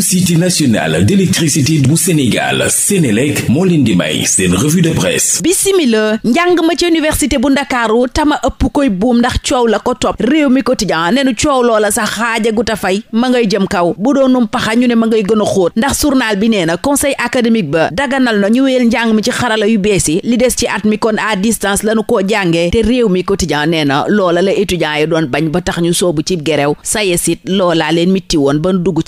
société nationale d'électricité bu Sénégal Sénélec moo leen njàng ma ci université bu ndakaaru tama ëpp koy buum ndax coow la ko topp réew mi quotidien nenu coow loola sax xaajagu ta fay ma ngay jëm kaw bu doonum paxa ñu ne ma ngay gën a xóot ndax journal bi nee na conseil académique ba daganal na ñu wéyal njàng mi ci xarala yu bees yi li des ci at mi kon à distance lanu koo jàngee te réew mi quotidien nee na loola la étudiants yi doon bañ ba tax ñu soobu ci gerew sayesit loola leen mitti woon ban dugg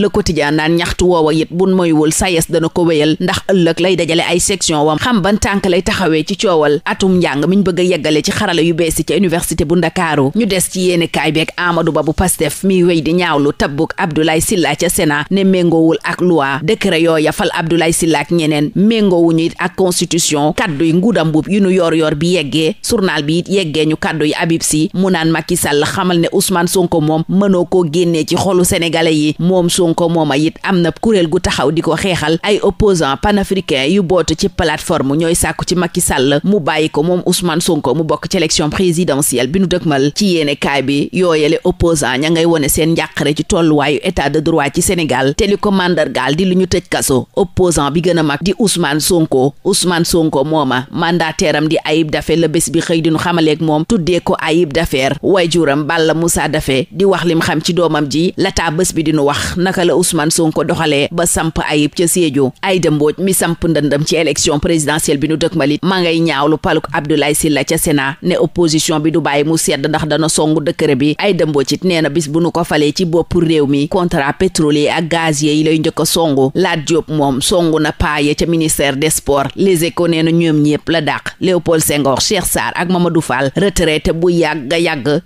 le quotidien naan ñaxtu woowa it bun moywul sayes dana ko wéyal ndax ëllëg lay dajale ay section wam xam ban tànk lay taxawee ci coowal atum njàng miñ bëgg a yeggale ci xarala yu bees yi ca université bu ndakaaru ñu des ci yéeni kaay beeg amadou ba bu pastef miy wéy di ñaawlu tabbuk abdoulaye silla ca sénat ne méngoowul ak loi décret yooya fal abdoulaye silla ak ñeneen méngoowuñu it ak constitution kaddu yi ngudambub yu nu yor yor bi yeggee journal bi it yeggee ñu kaddu yi abib si mu naan Macky Sall xamal ne Ousmane Sonko moom mënoo koo génnee ci xolu sénégalais yi Sonko mooma it am na kuréel gu taxaw di ko xeexal ay opposant panafricain yu boot ci plateforme ñooy sàkku ci Macky Sall mu bàyyi ko moom Ousmane Sonko mu bokk ci élection présidentielle bi nu dëkmal ci yéene kaay bi yooyele opposant ña ngay wone seen njàqare ci tolluwaayu état de droit ci Sénégal te ko mandargaal di lu ñu tëj kaso opposant bi gën a mag di Ousmane Sonko Ousmane Sonko mooma mandataire am di Ayib Daffé la bés bi xëy di nu xamaleeg moom tuddee ko Ayib Daffé waaye juram Balla Moussa Daffé di wax lim xam ci doomam ji lataa bés bi di nu wax naka la Ousmane Sonko doxalee ba samp ayib ca Sédhiou Aïda Mbodj mi samp ndëndëm ci élection présidentielle bi nu dëkkmal it ma ngay ñaawlu paluk Abdoulaye Sylla ca Sénat ne opposition bi du bàyyi mu sedd ndax dana songu dëkkëre bi Aïda Mbodj it nee na bis bu nu ko falee ci bopp réew mi contrat pétrolier ak gazier yi lay njëkk a songu Lat Diop moom songu na paaye ca ministère des sports les échos nee ñoom ñépp la dàq Léopold Senghor Cheikh Sarr ak Mamadou Fall retraité bu yàgg yàgg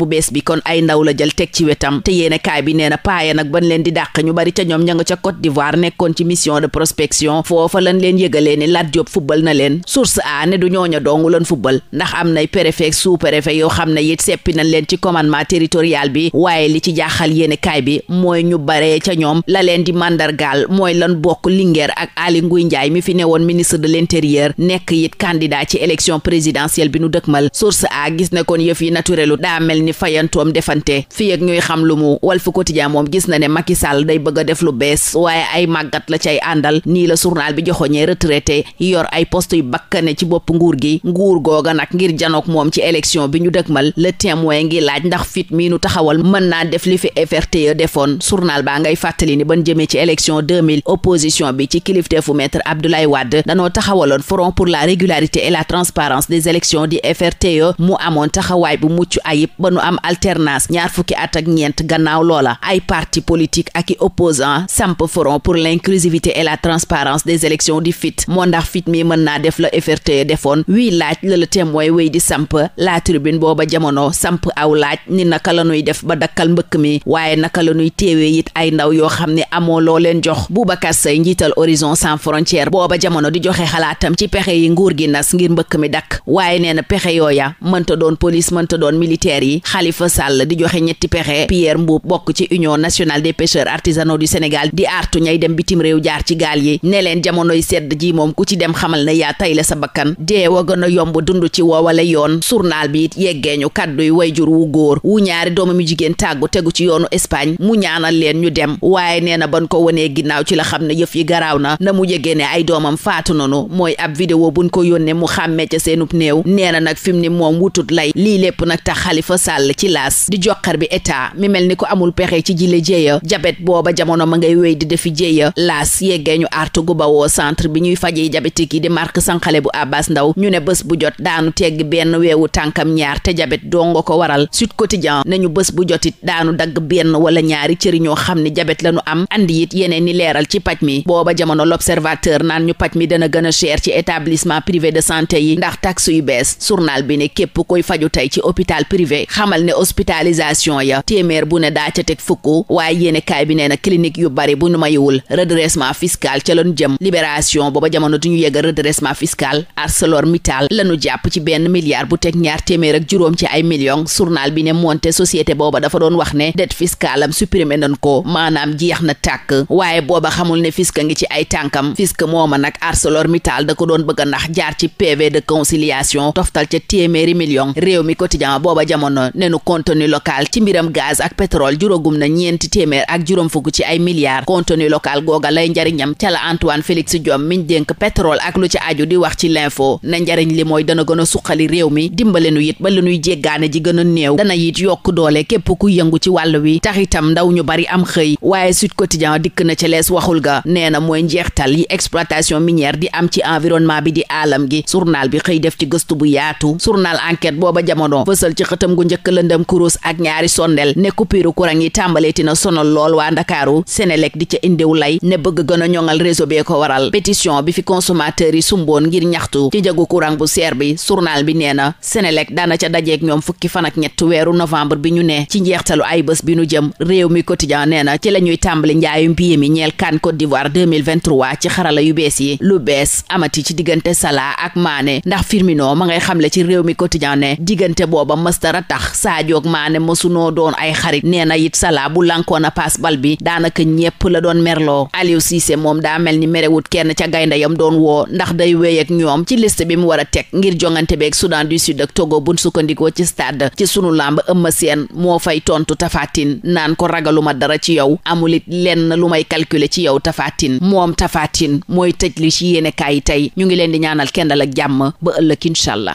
bu bees bi kon ay ndaw jël teg ci wetam te yéene kaay bi nee na paaye nag ban leen di dàq ñu bari ca ñoom ña ca Côte d'Ivoire nekkoon ci mission de prospection foofa leen yëgalee ni Lat Diop fubal na leen source a ne du ñooña doongu lan fubal ndax am nay préfet sous-préfet yoo xam ne it seppi nañ leen ci commandement territorial bi waaye li ci jaaxal yéene kaay bi mooy ñu baree ca ñoom la leen di màndargaal mooy lan bokk Linguère ak Aly Ngouille Ndiaye mi fi newoon ministre de l'intérieur nekk it candidat ci élection présidentielle bi nu dëkkmal source a ni fayantoom defante fii ak ñuy xam lu mu Walf Quotidien moom gis na ne Macky Sall day bëgg a def lu bees waaye ay màggat la cay àndal nii la journal bi joxoñee retraité yor ay post yu bakkane ci bopp nguur gi nguur googa nag ngir janook moom ci élection bi ñu dëkmal le témoin ngi laaj ndax fit mii nu taxawal mën naa def li fi FRTE defoon journal baa ngay fàttali ni ban jëmee ci élection 2000 opposition bi ci kilifteefu maître Abdoulaye Wade danoo taxawaloon front pour la régularité et la transparence des élections di FRTE mu amoon taxawaay bu mucc nu am alternance ñaar fukki at ak ñeent gannaaw loola ay parti politique ak i opposant samp foron pour l'inclusivité et la transparence des élections di fit moo ndax fit mi mën naa def la FRT defoon wii laaj la la témoin wéy di samp la tribune booba jamono samp aw laaj ni naka la nuy def ba dakkal mbëkk mi waaye naka la nuy téewee it ay ndaw yoo xam ne amoo loo leen jox Boubacar Seye njiital orison sans frontières booba jamono di joxe xalaatam ci pexe yi nguur gi nas ngir mbëkk mi dakk waaye nee na mënta doon police yi Khalifa Sall di joxe ñetti pexe Pierre Mboup bokk ci union nationale des pêcheurs artisanaux du Sénégal di artu ñay dem bitim réew jaar ci gaal yi ne leen jamonoy sedd ji moom ku ci dem xamal na yaa tay la sa bakkan dee wa gën a yomb dund ci woowale yoon journal bi yeggee yeggeeñu kàdduy jur wu góor wu ñaari doomam yu jigéen tàggu tegu ci yoonu Espagne mu ñaanal leen ñu dem waaye nee na ban ko wonee ginnaaw ci la xam ne yëf yi garaaw na na mu yëgee ne ay doomam faatu nanu mooy ab vidéo buñ ko yónnee mu xàmmee ca seenub néew nee nag fi mu ne moom Sall ci laas di joxar bi état mi mel ni ko amul pexe ci jile jéeya jabet booba jamono ma ngay wéy di defi jéeya laas yeggee ñu artu gu bawoo centre bi ñuy fajee jabetik yi di Marc Sankhale bu Abbas Ndaw ñu ne bës bu jot daanu teg benn weewu tànkam ñaar te jabet dongo ko waral Sud Quotidien ñu bës bu jotit daanu dagg benn wala ñaari cëri ñoo xam ne jabet lañu am indi it yeneen ni leeral ci paj mi booba jamono l'observateur naan ñu paj mi dana gën a cher ci établissement privé de santé yi ndax taxe yu bees journal bi ne képp koy faju tey ci hôpital privé xamal ne hospitalisation ya téeméer bu ne daa ca teg fukk waaye yéene kaay bi nee na clinique yu bari bu nu mayuwul redressement fiscal ca loon jëm libération booba jamono du ñu yegg redressement fiscal ArcelorMittal lanu jàpp ci benn milliard bu teg ñaar téeméer ak juróom ci ay million journal bi ne monte société booba dafa doon wax ne dette fiscale am supprimé ko maanaam jeex na tàkk waaye booba xamul ne fisk ngi ci ay tànkam fisc mooma nag ArcelorMittal da ko doon bëgg a jaar ci PV de conciliation toftal ca téeméeri na nenu contenu local ci mbiram gaz ak pétrole juróogum na ñeenti téeméer ak juróom fukk ci ay milliards contenu local googa lay njariñam ca la Antoine Félix Diome miñ dénk pétrole ak lu ci aju di wax ci l'info na njariñ li mooy dana gën a suqali réew mi dimbale nu it ba li nuy jéggaane ji gën a néew dana it yokk doole képp ku yëngu ci wàll wi tax itam ndaw ñu bari am xëy waaye Sud Quotidien dikk na ci lees waxul ga nee na mooy njeextal yi exploitation minière di am ci environnement bi di aalam gi journal bi xëy def ci gëstu bu yaatu journal enquête booba jamono fësal njëkk lëndëm kurus ak ñaari sondel ne coupure courant yi tàmbaleeti na sonal lool waa ndakaaru Senelec di ca indiw ne bëgg gën a ñoŋal réseau bee waral pétition bi fi consommateur yi sumboon ngir ñaxtu ci njëgu courant bu seer bi journal bi nee na Senelec daana ca dajeek ñoom fukki fan ak ñett weeru novembre bi ñu ne ci njeextalu ay bés bi nu jëm réew mi quotidien nee na ci la tàmbali njaayu mbiye mi ñeel kan Côte d'Ivoire ci xarala yu bees yi lu sax Sadio ak Mané mësunoo doon ay xarit nee na it Salah bu lankoon a paas bal bi daanaka ñépp la doon merloo Aliou Cissé moom daa mel ni merewut kenn ca yam doon woo ndax day wéy ñoom ci liste bi mu war a teg ngir jongante beeg Soudan du Sud ak Togo buñ sukkandikoo ci stade ci sunu lamb Eumeu Sène moo fay tontu tafaatin naan ko ragaluma dara ci yow amulit lenn lu may calculer ci yow tafaatin moom tafaatin mooy tëj li ci yéene kaay tey ñu ngi leen di ñaanal kendal ak jàmm ba ëllëg incha allah.